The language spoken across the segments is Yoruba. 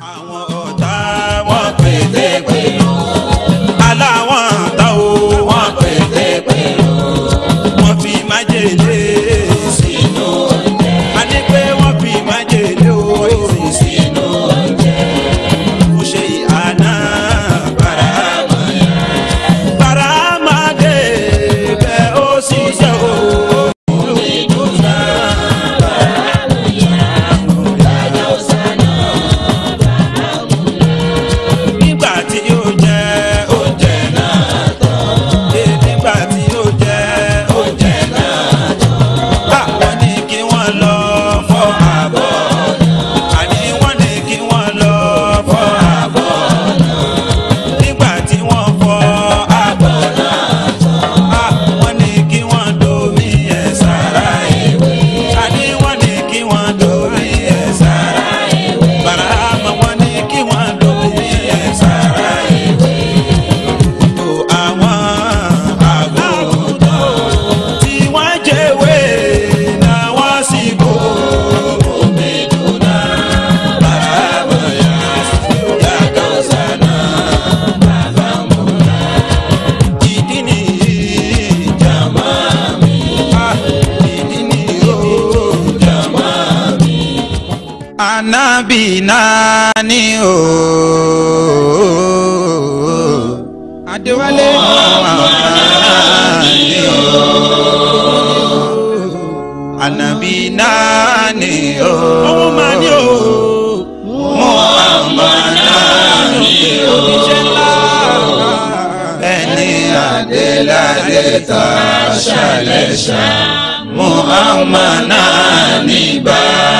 àwọn ànábì náà ni o. Adéwálé náà o. Ànábì náà o. Ọmọ o. Mo àmà náà ni o. Ẹni àdéládé ta ṣàlẹ̀ ṣá. Mo àmà náà báyìí.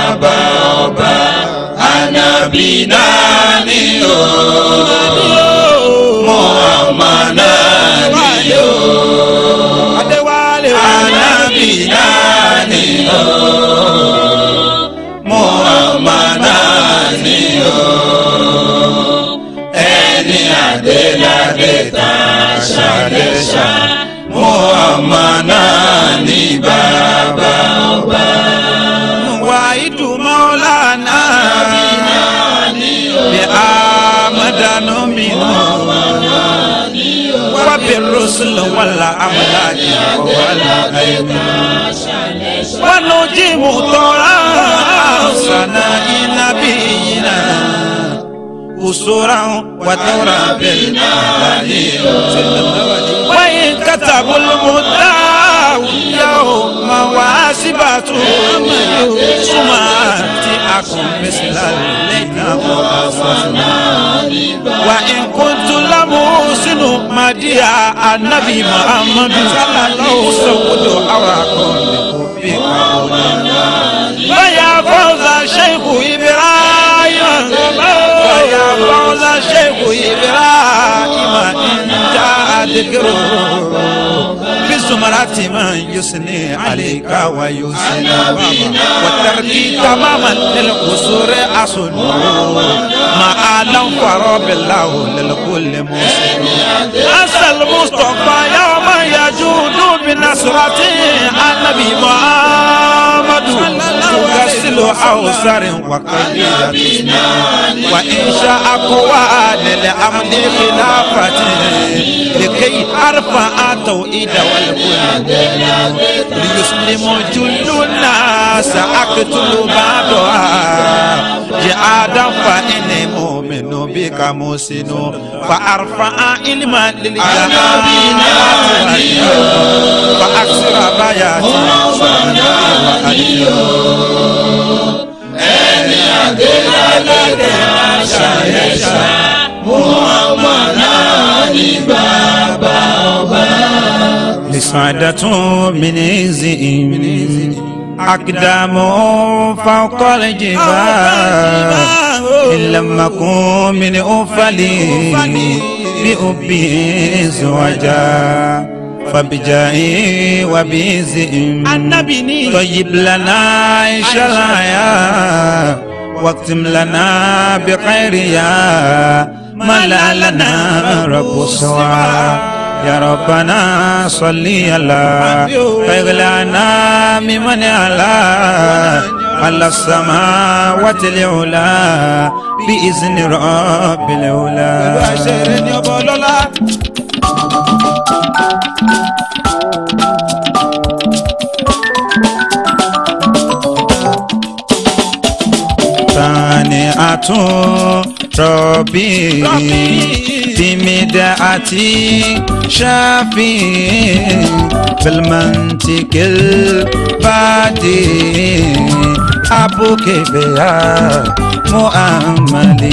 Ìnáni o, Muhammadani o, Adéwálé o, Ànábì náni o, Muhammadani o, ẹni adéládé tá a ṣàlẹ̀ ṣá, Muhammadani bá. رسلا ولا أملاك ولا أيمان ونجيب طرا صنع نبينا أسرا وتورا بنا وإن كتبوا المدعو يوم واسبة ثم أتيكم مثل الذين وإن كنت لمحسن مديا anabi muhammadu musawudu awakọ̀ bí kàwé. báyà fọ́nza ṣẹ́kù ibrahima báyà fọ́nza ṣẹ́kù ibrahima ìjà àdìgírò sumarati man yusni aleka wa yusni wa tarki tamaman lil qusuri asunu ma alam faro billahu lil kulli muslimin Mustafa. fire. بنصرة النبي محمد تغسل أوسر وقليل وإنشاء قوى للأمن خلافة لكي أرفع التوحيد والكل ليسلم جل الناس أقتل بعضها جهادا فإني مؤمن بك مسن فأرفع علما للجهاد فأكثر بياتي وأنيو ẹni adélálẹ́dẹ̀ àṣàyẹ̀ṣà muhammad ali bàbá ọba. لسعادة من عزهم أقدام فوق الجبال إن لم أكن من أفلي بأبي زوجا فبجاهي وبيزئم النبي طيب لنا عيش الحياة واختم لنا بخيرها ما لا لنا رب سواه يا ربنا صلي على خير ممن على على السماوات العلا باذن رب العلا tani atun rọbí tìmídà àti ṣáfì bilmantikil bàdí abúkẹ́bẹ̀yà muhammadi.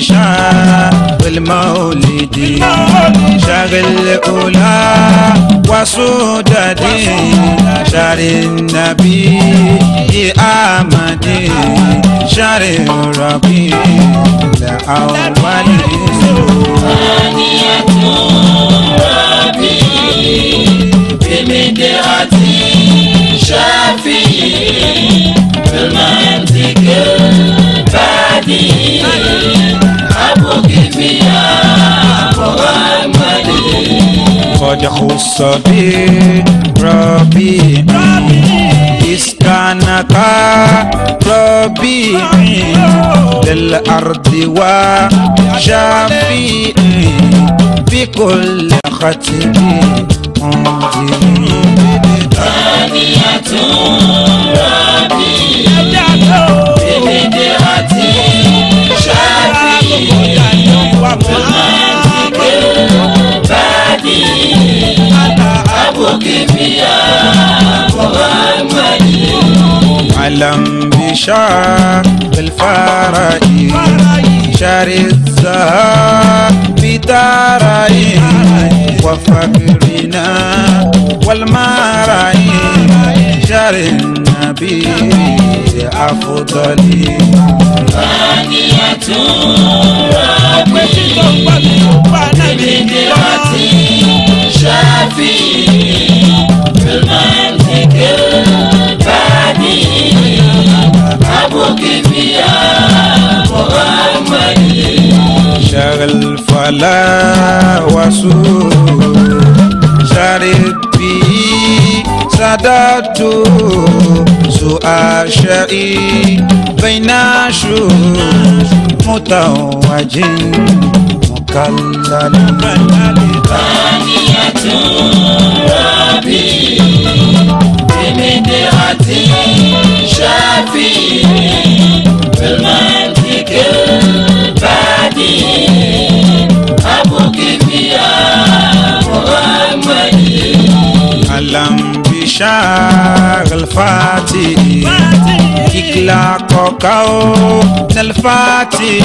شاء المولد شهر الأولى وسوددي شهر النبي آمد شهر ربي الأول ثانية ربي قد خص بي ربي إذ كان ربي للأرض وشافي بكل خطب منزلي ثانية ربي ببدعتي شافي علم بشار بالفرائي شار الزهر بداري وفقرنا والمرأي شار النبي أفضل ثانية ربي بنبي شافي في المنطق البعدي أبوك فيا مغمري شغل فلا وسوء شارب بي سادات سوء شعي بين شوش متوج مكلل àtúnrọ̀bì èmi ni àti ṣáfì tìlmọ̀tìkì bàdì alam. شاغ الفاتي كلا كوكاو الفاتي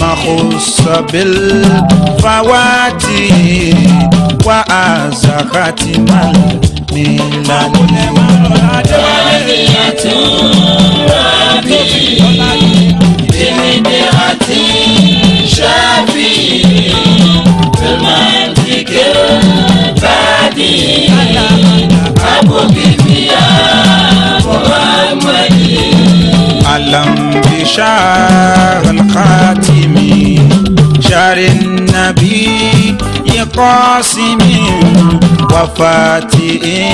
ما خص بالفواتي وأزا خاتم الميلان ولدية ربي بمدحة شافي في المنطق البديع علم بشار الخاتم شار النبي قاسم وفاتئ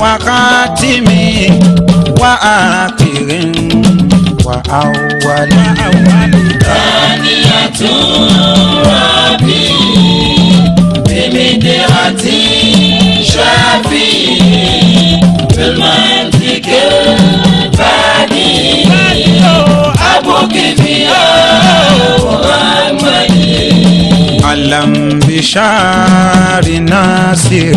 وخاتم وآخر وأول أول ثانية ربي بدعتي شافي في المنطق البعدي أبوك فيها محمد علم بشعر ناصر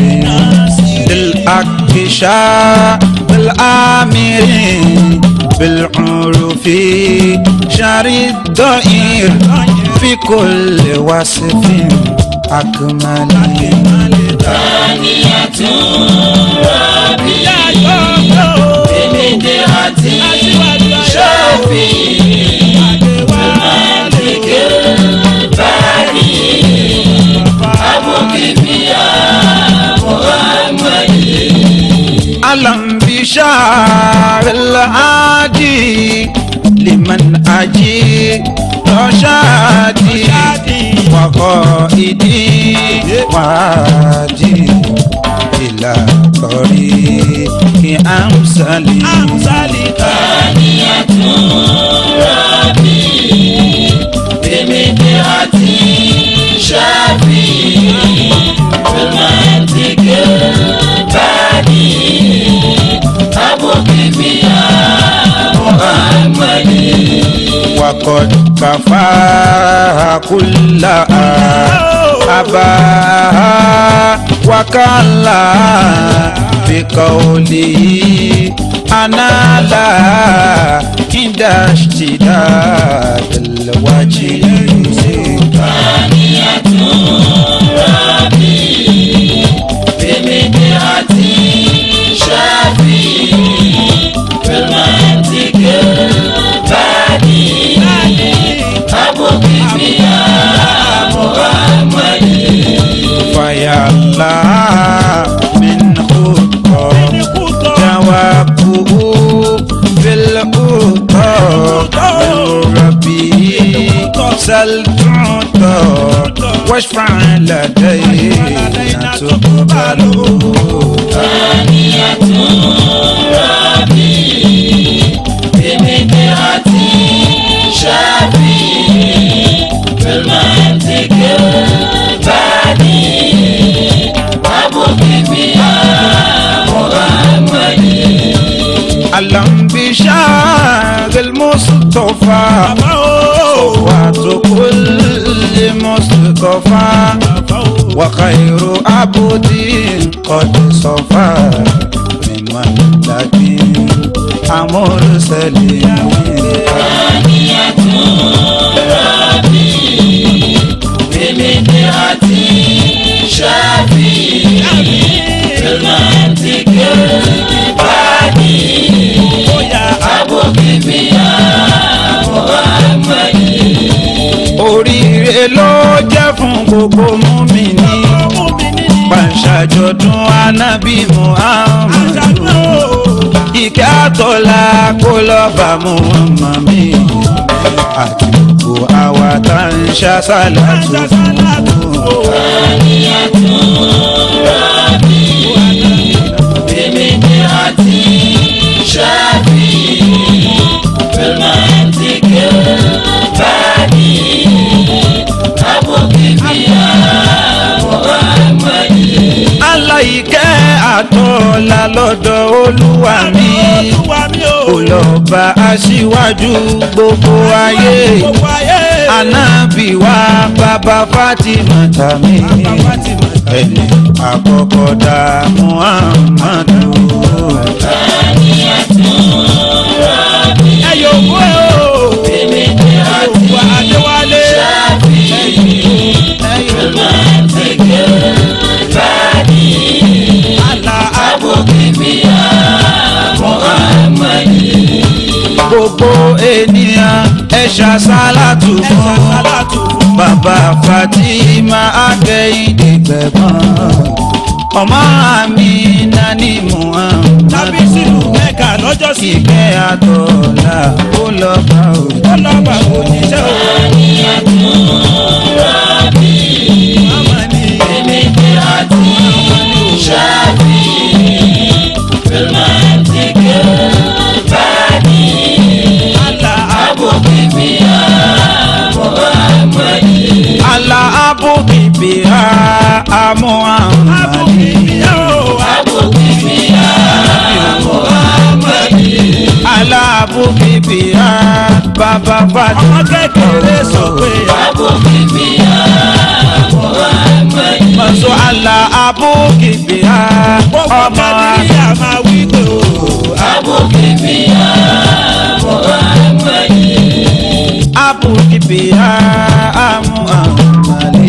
للحق شعر الآمر بالعرف شعر الضئير في كل وصف akumale. Tani àtúnrọ̀ bí? Tèmídé àti Ṣọ́ọ̀bì. Tòmátìkì báyìí. Abúkìbíyà Mùhàmmadi. Alambisha Alhaji liman aji Rọ́ṣáàdì wàkọ ìdí wàájì ìlà kọrí kí àmsálì. àmsálì tani àtúnrà bí èmi ni a ti ṣáàbì romantic girl. وقد كفاها كلها أباها وكلا بقوله أنا لا كداشتداد الوجه much fun love day. sọ̀fà wàkà èrò àbòdì kọ́dé sọ̀fà mímọ́ ìdàgbé amúrúsẹ̀lẹ̀ àmì. Mimidi ati shafi Romantike badi Abokibiya Muhammadi Orí fún gbogbo mùmínì pàṣàjọ̀dún anábì muhammadu ìkẹ́ àtọ́lá kó lọ́ọ́ bá muhammad mi àti gbogbo àwa tá ń ṣá fún un. ìkẹ́ àtọ́lá lọ́dọ̀ olúwa mi olọ́ba aṣíwájú gbogbo ayé ànábì wa bàbá Fatima tàmí ẹni àkọ́kọ́ dá Muhammadu. tani ẹ̀tún gbogbo ènìyàn ẹ ṣàṣàlátù fún bàbá Fatima akẹ́yìndé gbẹ̀gbọ́n ọmọ Amina ní Muhammad tábísì lù mẹ́ka lọ́jọ́ sí ìkẹ́ àtọ̀ọ̀la ó lọ bá o ó lọ bá o níṣẹ́ o. Rabi, Emi Kiratu, Shafi, Filmai. Muhammad. Abòkìbíyá o. Abòkìbíyá Muhammad. Alábòkìbíyá bàbá bàjẹ́. Ọmọ kékeré sọ pé. Abòkìbíyá Muhammad. Mọ̀sọ́ àlà abòkìbíyá. Ọmọ kékeré máa wí pé o. Abòkìbíyá Muhammad. Abòkìbíyá Muhammad.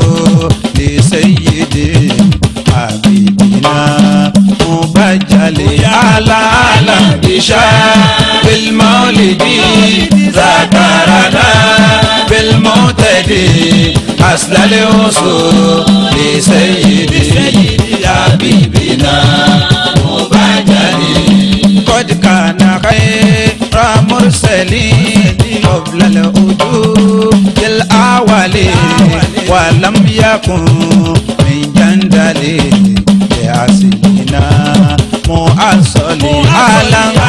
Saliusu bi sayyidi mo mubajali. Qad kana khayra mursalin qabla al-wujud al-awwali wa lam yakun min jandali bi asilina mu'assali alam.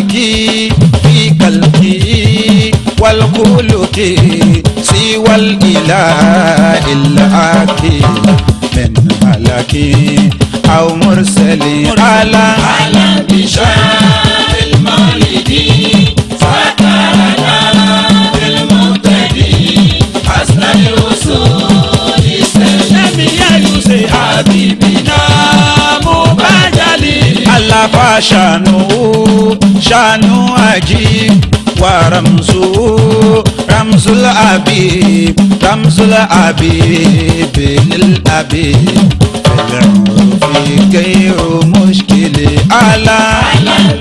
مالكي في قلبي والخلق سوى الإله الآكي من ملكي أو مرسلي على على بشار المالكي فتركنا بالمقتدي حسن الوصول حبيبنا مبادلي الله فاشانه شانو عجيب ورمزه رمز الأبيب رمز الأبيب للأبيب ادعو في غير مشكلة على على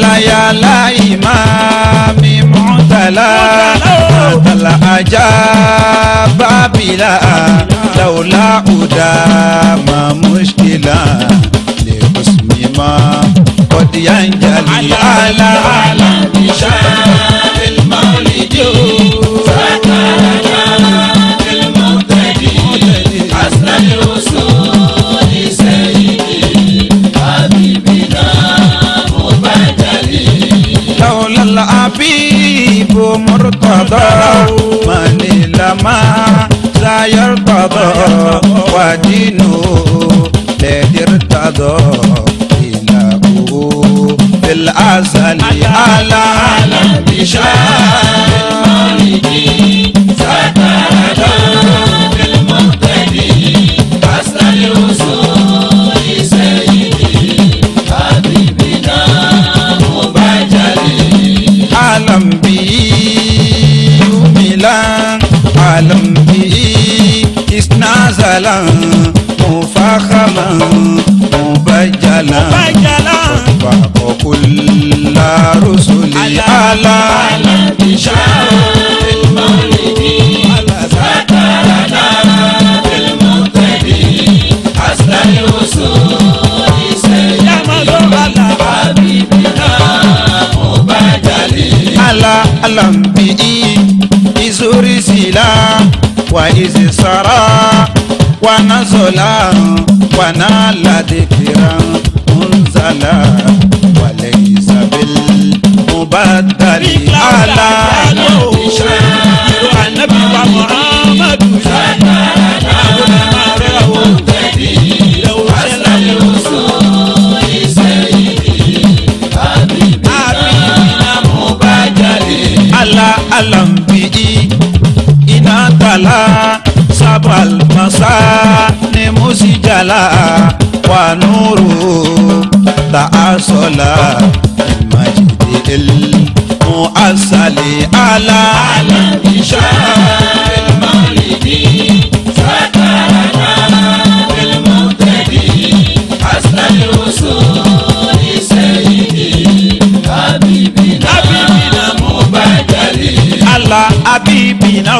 láyà láì máa mi mọ́tàlá àtàlà ajá bábìlà làwòlá ọ̀dà máa mùsùlùmí lè kó sinimá kọ́díyà ń àlàyé. مرضى ودينه لا يرتضى إلهه في الأزل على بشار المالك سكرة rusuli ala bishara ilmọlidi sakarana ilmọtẹbi asilari oso iseyi abibina mubadali. ala alambi'i izori sila wa izi sara wa nazola wa nala dikiran munzala fàdàlì ala, ìṣe ìlú ànábì wa muhammadu fàdàlì àwọn ọmọ rẹ o tẹbi ìlẹwọ sẹlẹ o sọ ìṣe ìdí àbí àbí ìnáwó bá jáde. àlà àlàmbí iná المؤسل على على بشار المولد سكرنا بالمقتدي حسن الوصول سيدي حبيبنا مبدلي الله حبيبنا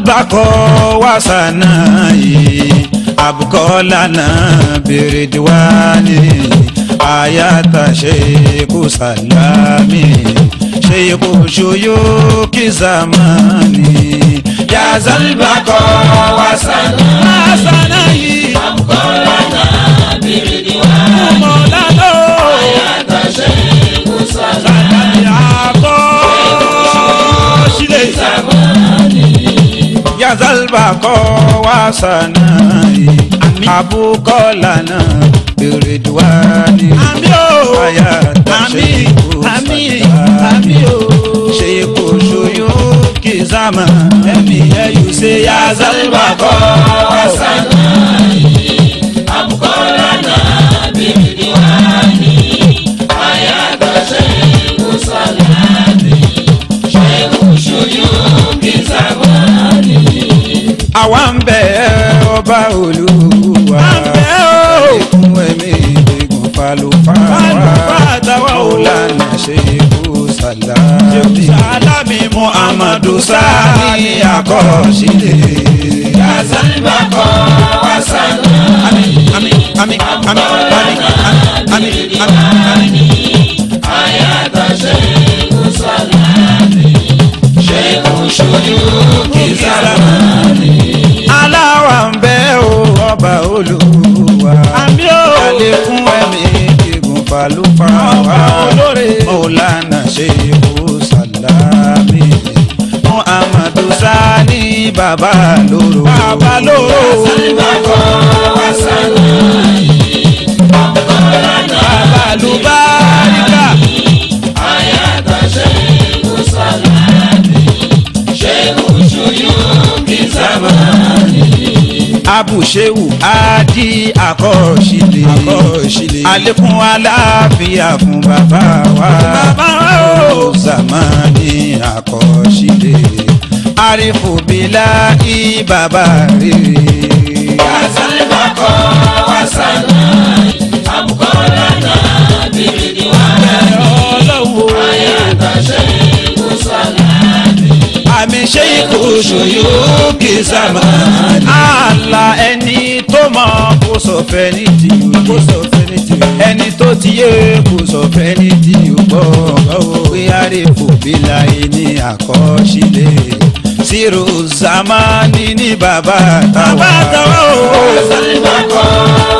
البقى وسنائي أبقى لنا بردواني آيات شيخ سلامي شيخ شيوخ زماني يا ذا البقى وسنائي أبقى لنا بردواني kazalba kọ́ wá sànà yìí àbúkọ́ lànà èrè dùwà ní àyà tàṣe kò sàdá ṣe kò ṣoyún kì í sàmà ẹ̀mí ẹ̀yù ṣe yá zalba kọ́ wá sànà yìí àwa ń bẹ̀ ẹ́ ọba olúwa. à ń bẹ̀ ọ́. ikún ẹ̀mí ìgbìmọ̀ falufa. falufa àtàwọn ò. ọ̀lànà ṣe ikú sàlámì. sàlámì muhammadu sani akọ́ṣílẹ̀. yasaniba kọ́ wasanu. ami ami ami ami ami ami ami ami. ayata ṣe ikú sàlámì. ṣe ikú ṣojú kìí sàlámì. olúwa. àmì o. àlékún ẹ̀mí gígùn fàlùfà wa. mọ̀lánà ṣe ikú sàlámì. muhammadu sani bàbá lóró. bàbá lóró. abùṣẹ́wù ádì àkọ́ṣílẹ̀ àkọ́ṣílẹ̀ àlékún aláàfíà fún bàbá wa bàbá o zamani àkọ́ṣílẹ̀ àrífò bílá i bàbá rere. wàsálùbàkọ́ wàsálù àbùkọ́ lánàá bìrìdì wàhálà ni àyà àtàṣe mi ṣe kò ṣòyò kì í sàmà. àlà ẹni tó mọ kò sọ fẹ́ ní ti kò sọ fẹ́ ní ti ẹni tó ti yé kò sọ fẹ́ ní ti gbọ́ pé àrèfò bílà ẹni àkọsílẹ̀ zero zamani ni bàbá tàwa. bàbá tàwa o. wàsánà kọ́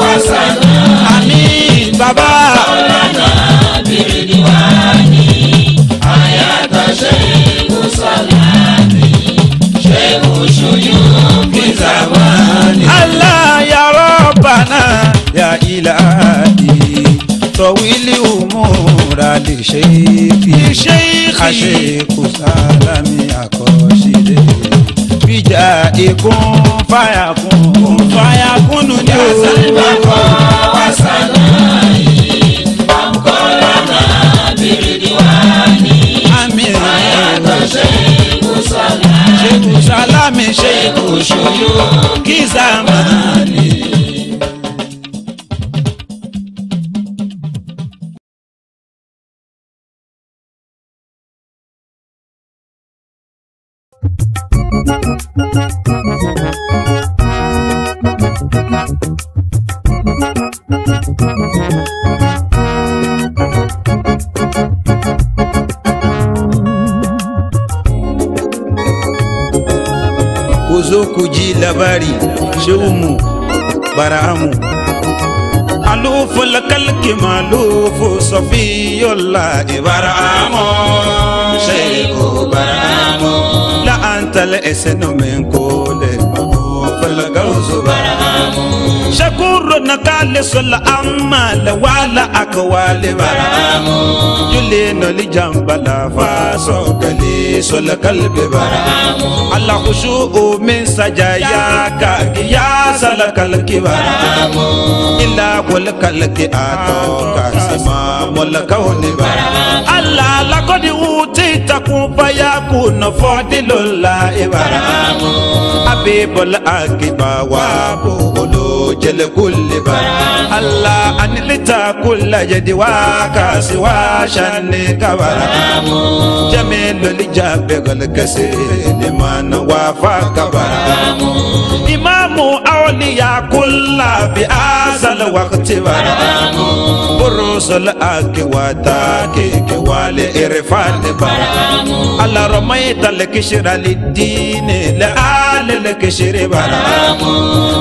wàsánà. àmì bàbá. ọ̀làdà bìrìdìwá ni àyàtọ̀ ṣe é. zamani. Allah ya Rabbana ya ilahi tọ̀wílì òmùra lè ṣe é fi àṣẹ kò sálámì àkọsílẹ̀ bíjà èkó fàyàkùn fàyàkùn nù ní o. sọlọ ama la wàhálà akọwalẹ bara mu. jule nọli janbala faasọ kẹlẹ sọlọ kalibi bara mu. alakusu o sajaya kaki ya sala kalki ba illa wal kalki ato kasima mul kauni ba alla laqad uti takun fayakun fadilullah ibara abibul akiba wa bulu jal kulli ba alla anilita kulla jadi wa kasiwa shan kabara jamilul jabe gal kasi liman wa fa kabara إمام أولياء كل بهذا الوقت برهان بروز الأك وتاكيك والإرفان برهان على رميت الكشر للدين لآل الكشر برهان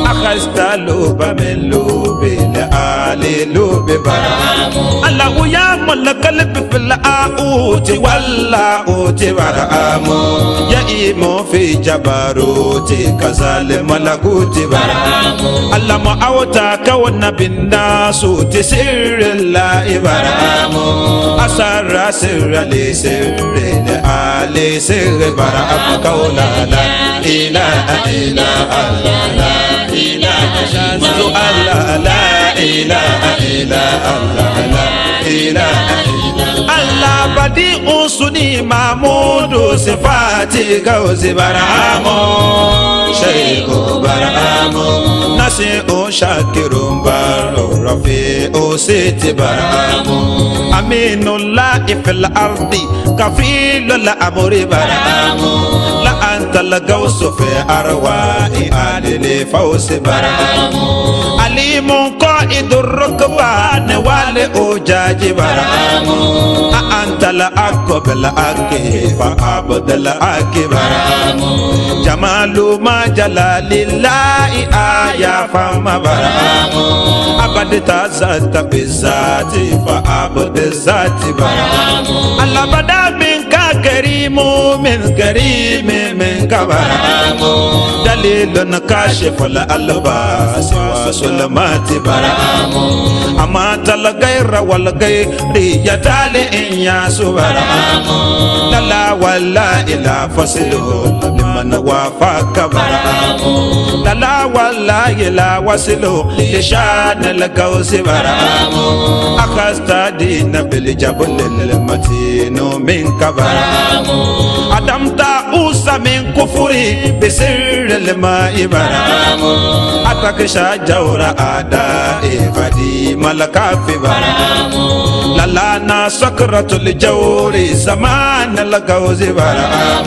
أخذت لوب من لوب لآل لوب برهان الله يا القلب والآوت والآوت برآم يئيم في جبروت كسال ملكوت برآم اللهم أوتاك والنبي الناس تسر الله برآم أسر سر لسر لآل سر برآم قولا لا إله إلا الله لا إله إلا الله لا إله إلا الله لا إله إلا الله madi usuni mamudu sifati kausi baramu sheiku baramu nasi ushakiru balu rafi usiti baramu aminullah ifil ardi kafilu la amuri baramu أنت الغوث في أرواح آل الفوز برام عليم قائد الركبان والأجاج برام أنت الأق بالأق فأبد الأق برام جمال ما جلال الله آيا فما برام أبد تزات بالذات فأبد الذات برام الله بدا كريم من كريم من كرم دليل كاشف الألباس وسلمات برام أمات الغير والغير يتال إن يا سبرام لا ولا إلا فصله mana wafa kabara la la wala yela wasilo le shana la kausi bara akasta dina bil jabul lil matinu min kabara adam ta من كفري بسر لما إبرام أتكشى جور أداء فدي فديم في برام للانا سكرة لجوري زمان الغوز برام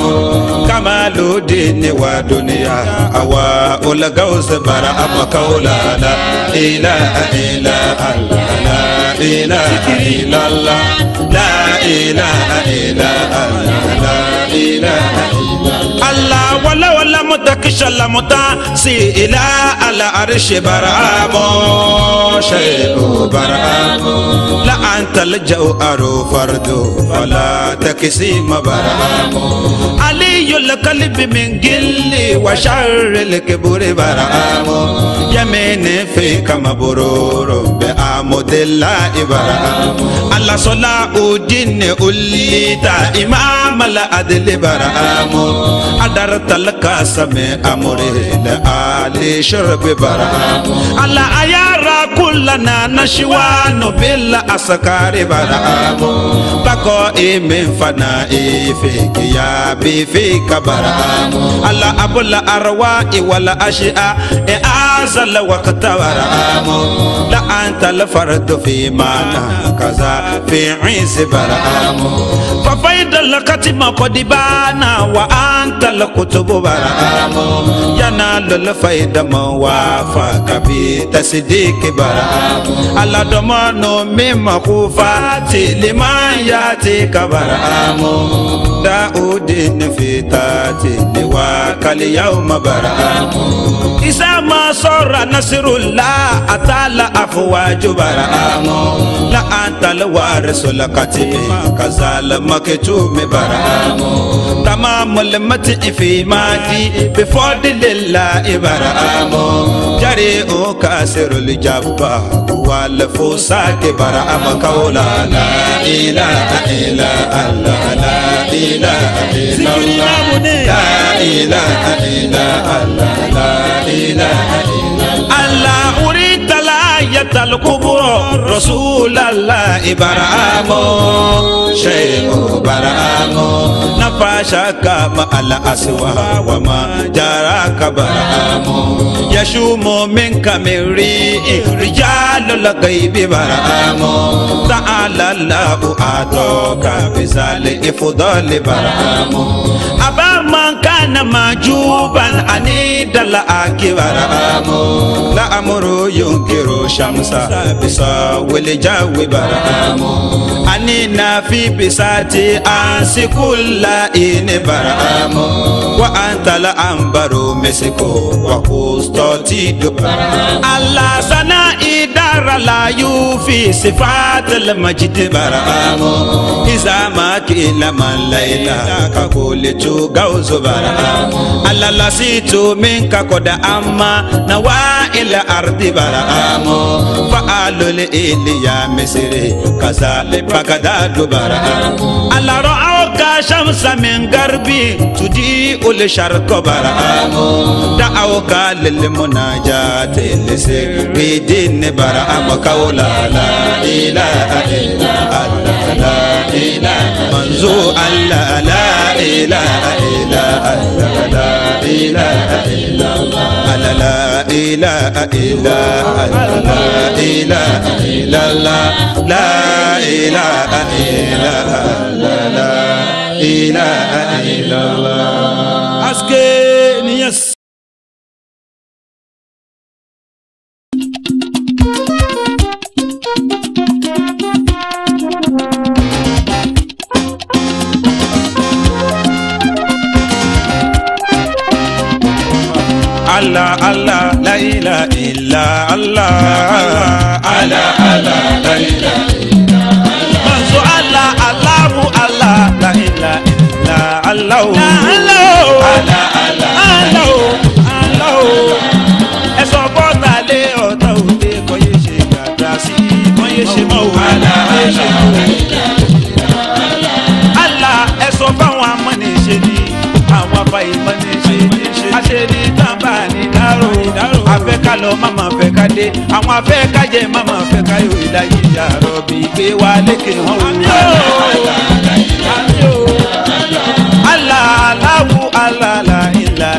كمال الدين ودنيا أواء الغوز برام قولا لا إله إلا الله لا إله إلا الله لا إله إلا الله لا إله إلا الله شلمتا سي إلى على عرش برابو شيء برابو لا أنت لجأ أرو فرد فلا تكسيم برابو علي القلب من جلي وشر الكبر برابو يمين فيك مبرور بعمد الله برابو الله صلاة الدين أولي تا إمام العدل برابو أدرت القاسم أمري لآلي شرب برا الله أيارا كلنا نشوان بلا أسكار برا بقائي من فنائي في كيابي فيك برا الله أبو الأرواء ولا أشياء أعزل وقت برا لا أنت الفرد في معنى كذا في عز برا ففيد الختم قد بان وأنت الكتب برام ينال الفيد موافق بتصديق برام على ضمان من مخوفات لمن يأتيك برام داود في تاتي لواك اليوم برام إذا ما صار نصر الله أتى أفواج برام لا أنت الوارث الكتب كزال مكتوب برامو تمام المتع في مادي بفضل الله برامو جريء كاسر الجبار والفوساك برام كولا لا إله إلا الله لا إله إلا الله لا إله إلا الله لا إله إلا الله الله أريد لا يتلقب lala ibaramu shehu baramo, nafasha kama ala aswa wa ma jara jaraka baramu yashumu minka miri rijalu lagaibi baramo. ta'ala lahu ato bizali ifudali baramo. Aba كان معجوبا عنيد الأكبر لأمر ينكر شمسا بصا والجو برام أنينا في بساتي أنس كل إن برام وأنت الأنبر مسكو وقوستو تيدو الله سنائي دار لا يوفي صفات المجد برام إذا ما كل من ليلى كقول تو غوز برام ألا لسيت منك قد أما نوائل أرض برام فعل الإليا مصري كذلك بغداد برام ألا رأوا شمس من غربي تضيء لشرق برهام دعوك للمناجاة لسر بدين برهام قولا لا إله إلا الله لا إله منزو الله لا إله إلا الله لا إله إلا الله لا إله إلا الله لا إله إلا الله لا إله إلا الله إله إلا الله أسكني يس الله الله لا إله إلا الله الله الله لا إله Allah, Allah, aláwo Allah, aláwo Allah, ẹ sọ bọ́tà lé ọ̀tá òde kọ́ yé ṣe gbàgbà sí kọ́ yé ṣe mọ́ òwe kọ́ yé ṣe mọ́ òwe. Allah, ẹ sọ fáwọn amọ̀nìṣe ni àwọn afàyèmọ̀nìṣe ni aṣèlú tàǹbà ní dárò afẹ́ ká lọ màmá fẹ́ ká dé àwọn afẹ́ ká jẹ màmá fẹ́ ká yóò ìlàjì yàrá bí gbé wa lékè hàn wò. àmì ò àmì ò ala la ila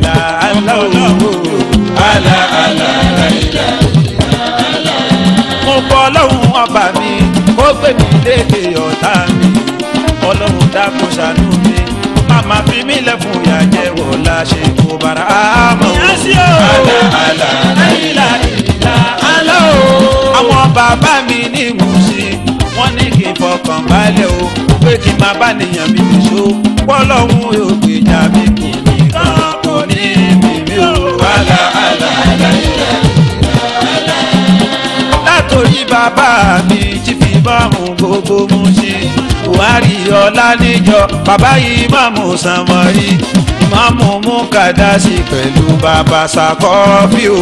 la ala ala ala la ila ala. mo bọ́ ọlọ́run ọba mi ó gbé mi léde ọ̀tá mi mi màmá fi mí lẹ́kùn yà jẹ́ wọ́lá ala la ila la ala o. àwọn bàbá mi ní ìwúsí wọ́n ní kí fọkàn balẹ̀ o pé kí n máa bá nìyàn mi fi ṣó pọ́lọ́hún yóò gbèjà mi kì í ní kán kò ní mímí o. wàhálà àlà àlà látòrí bàbá bá mú gbogbo mú ṣe buhari ọlá níjọ bàbá yìí má mú sanmọ́rí ìmáàmù mú kàdáṣì pẹ̀lú bàbá sàkọ́bí o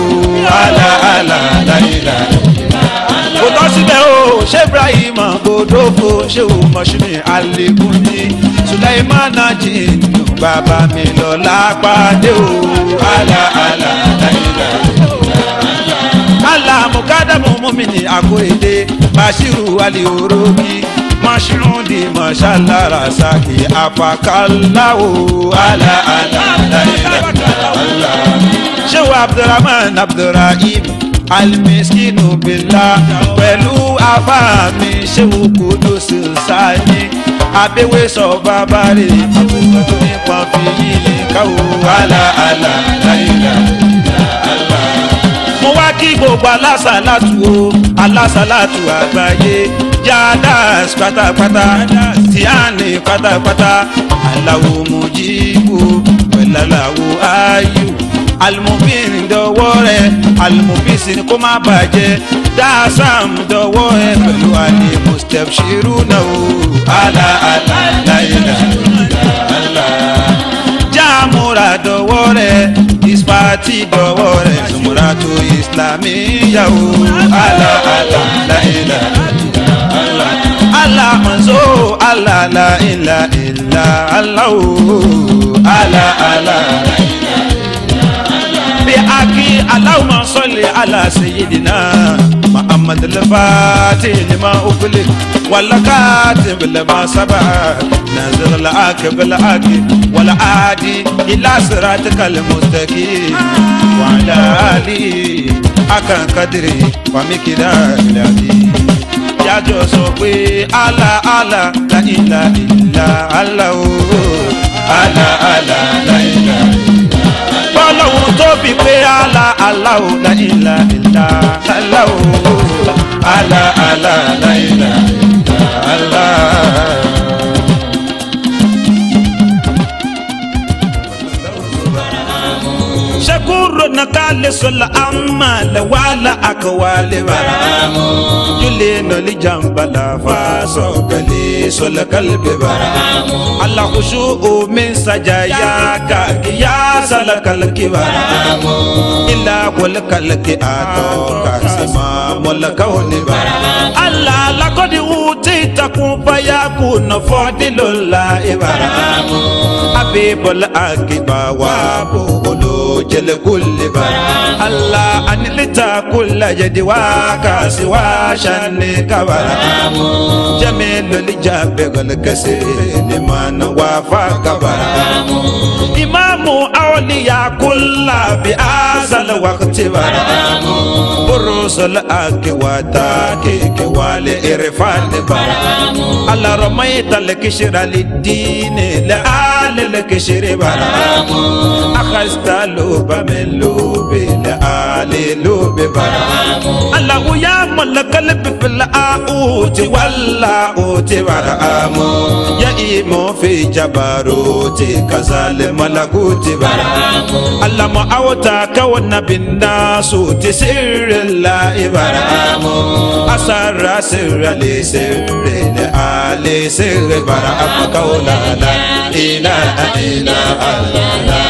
àlàálà kò tọ́ síbẹ̀ o ṣé ibrahim gbòdógbò ṣé o mọ̀ṣúnì àlékún ní sùlẹ́ìmánà jìn bàbá mi lọ lápàdé o àlàálà hala mukadamu mumini akorede bashiru aliorobi mashirudi mashala rasaki afakalawo ala ala ala sehu abdulrahman abdulrahim alimiskinu bila pẹ̀lú afáàmì sehu kudusi sani abewe sọ bàbá rẹ nípa fi yìí káwọ ala ala ala ala kí gbogbo alásàlátù o alásàlátù àgbáyé jadas pátápátá tíánì pátápátá aláwo mojibo pẹ̀láláwo ayù almubin dọ́wọ́ rẹ̀ almubisin kó má bàjẹ́ dasam dọ́wọ́ rẹ̀ pẹ̀lú àlè mustapha shiru náà o ala ala laila ala jamura dọ́wọ́ rẹ̀ ti bọ̀wọ́ rẹ̀ Zumuratu Islamiyya o Allah Allah la ila Allah Allah manzo Allah la ila illa o Allah Allah la ila illa Allah. bí a kí ala sayyidina. أمد الفاتي لما أغلق والكاتب لما سبق نازل العاقب العاقب والعادي إلى صراطك المستقيم وعلى آله أكن قدري ومقدار العظيم jájọ sọ pé àlà àlà láìla ìlà àlà o àlà àlà láìla ìlà tọ́lọ́hún tó fi pé àlà àlà ò láìlà ìlà àlà ò àlà àlà láìlà ìlà àlà. na kale sola amma la wala akwale baramu jule no li jambala fa so kale sola kalbe baramu alla khushu min sajaya ka ya sala kalki baramu illa wal kalki ato ka sama mul kauni baramu alla laqad أوتي تكون فيكون فاضل الله برام حبيب الأكبا وابو جل كل برام الله أن لتكل يد وكاس وشنك برام جميل لجابر الكسير لمن وافق برام إمام العليا كلها بهذا الوقت برام بروس الأك وتاكك والإرفان برام ألا رميت الكشر للدين لآل الكشر برام أخذت لوب من لوب لآل لوب برام الله يا ملك القلب اللاؤوت واللاؤوت برآم يا إيمو في جبروت كزال ملكوت برآم اللهم أوتاك والنبي الناس تسر الله برآم أسر سر لسر لآل سر برآم قولا لا إله إلا الله لا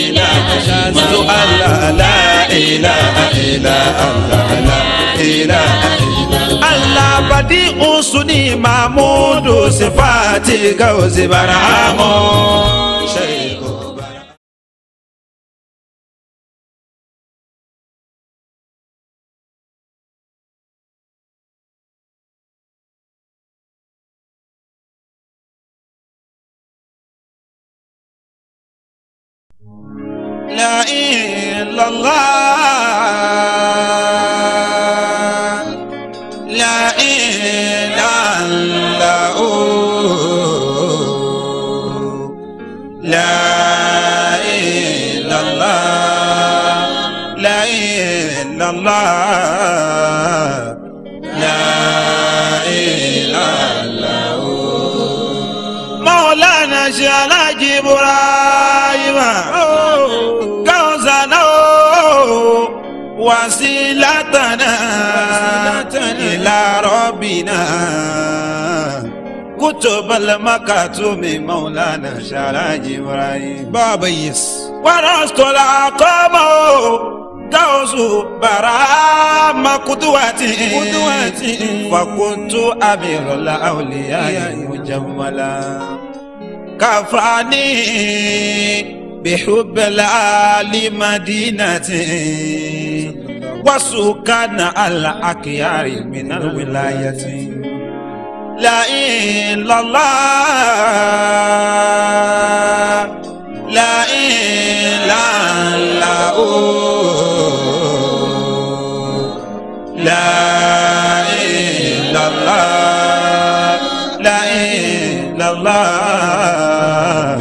إله إلا الله لا إله إلا الله لا إله إلا الله alabadi usuni mamudu sifati gauzi baramu. الله لا إله إلا هو مولانا شالا جبرايم قوزنا وسيلتنا إلى ربنا كتب المكاتم مولانا شالا جبرايم بابيس ورست العقامه دعوس برام قدوتي قدوتي وكنت أمير الأولياء مجملا كفاني بحب الآل مدينتي وسكان الأكيار من الولاية لا إلا الله لا إلا الله illallah la illallah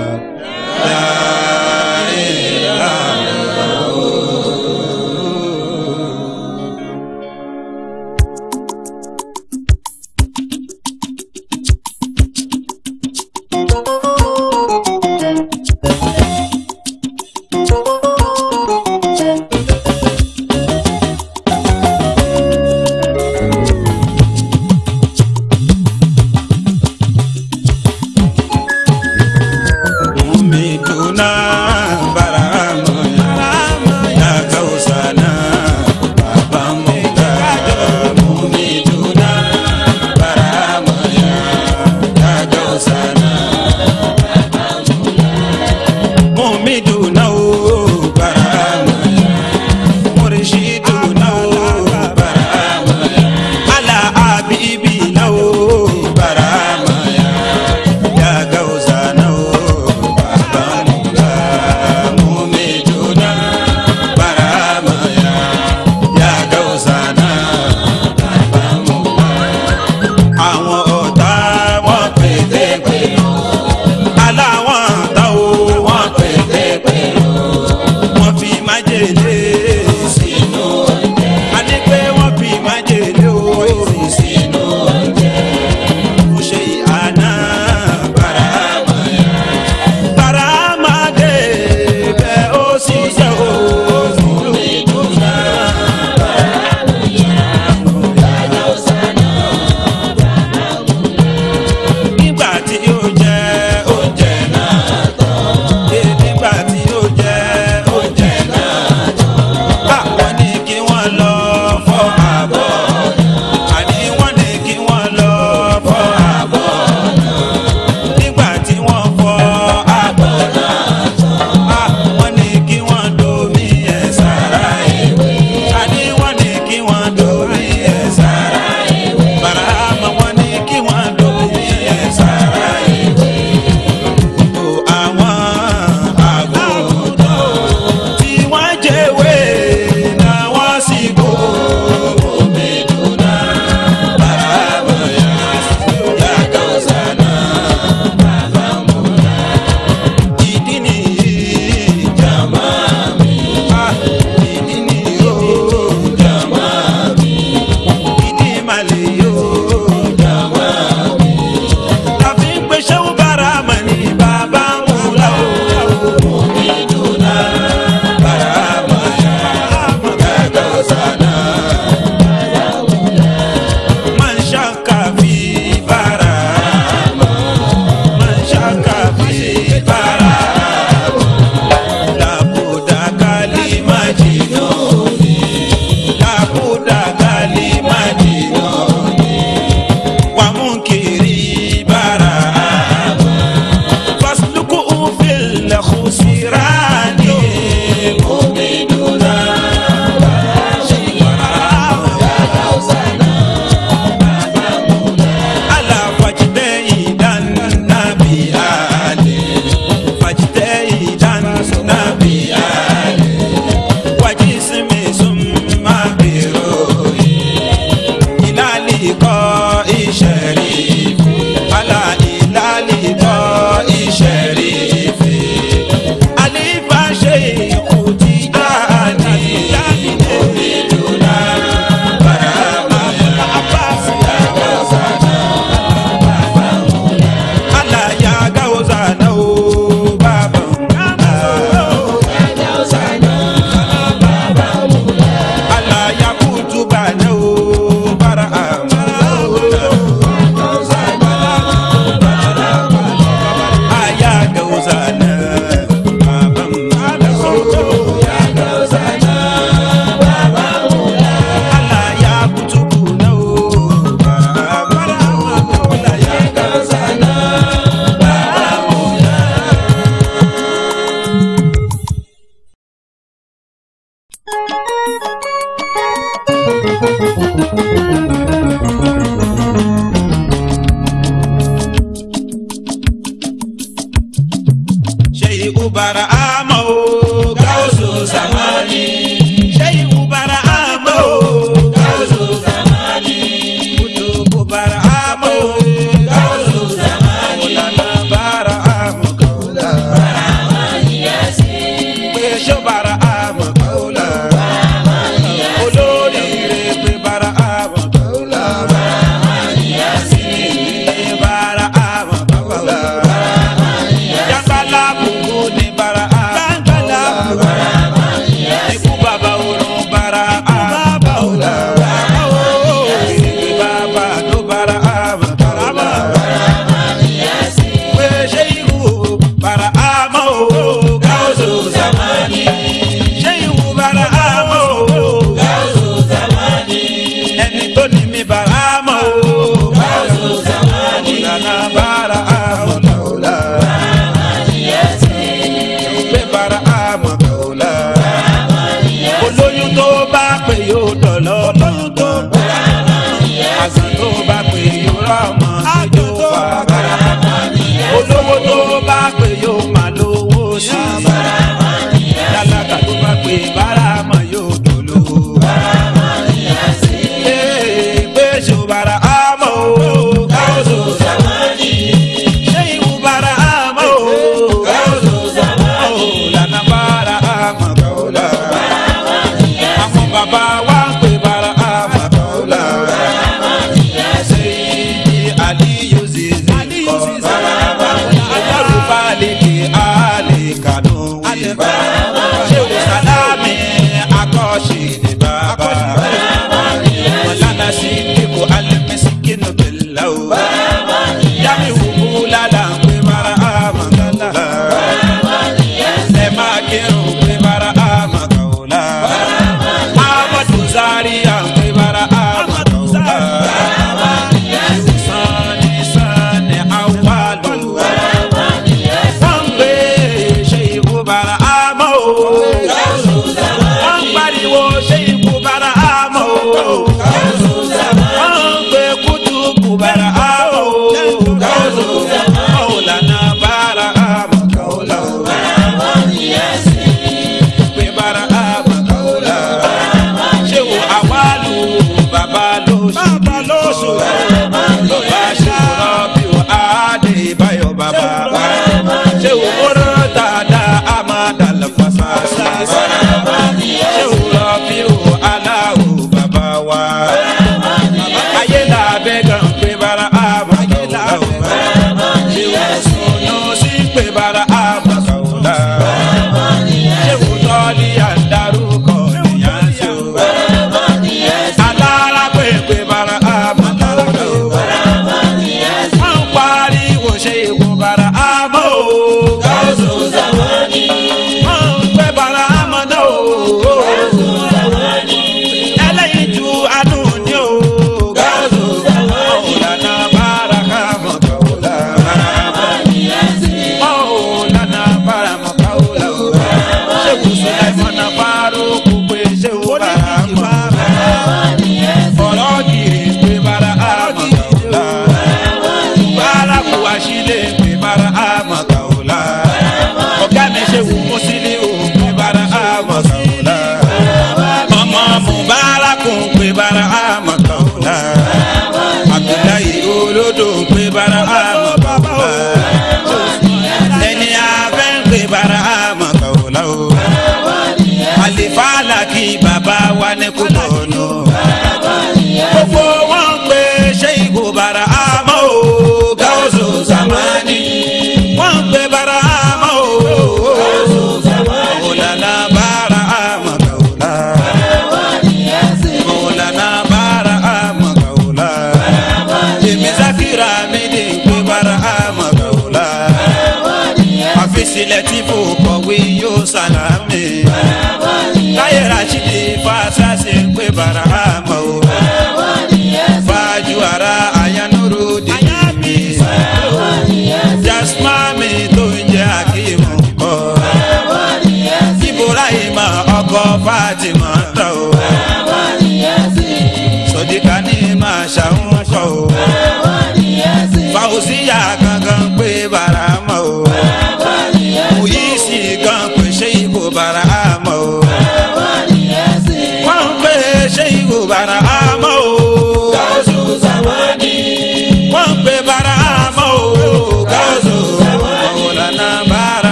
kọ́ fàtìmù.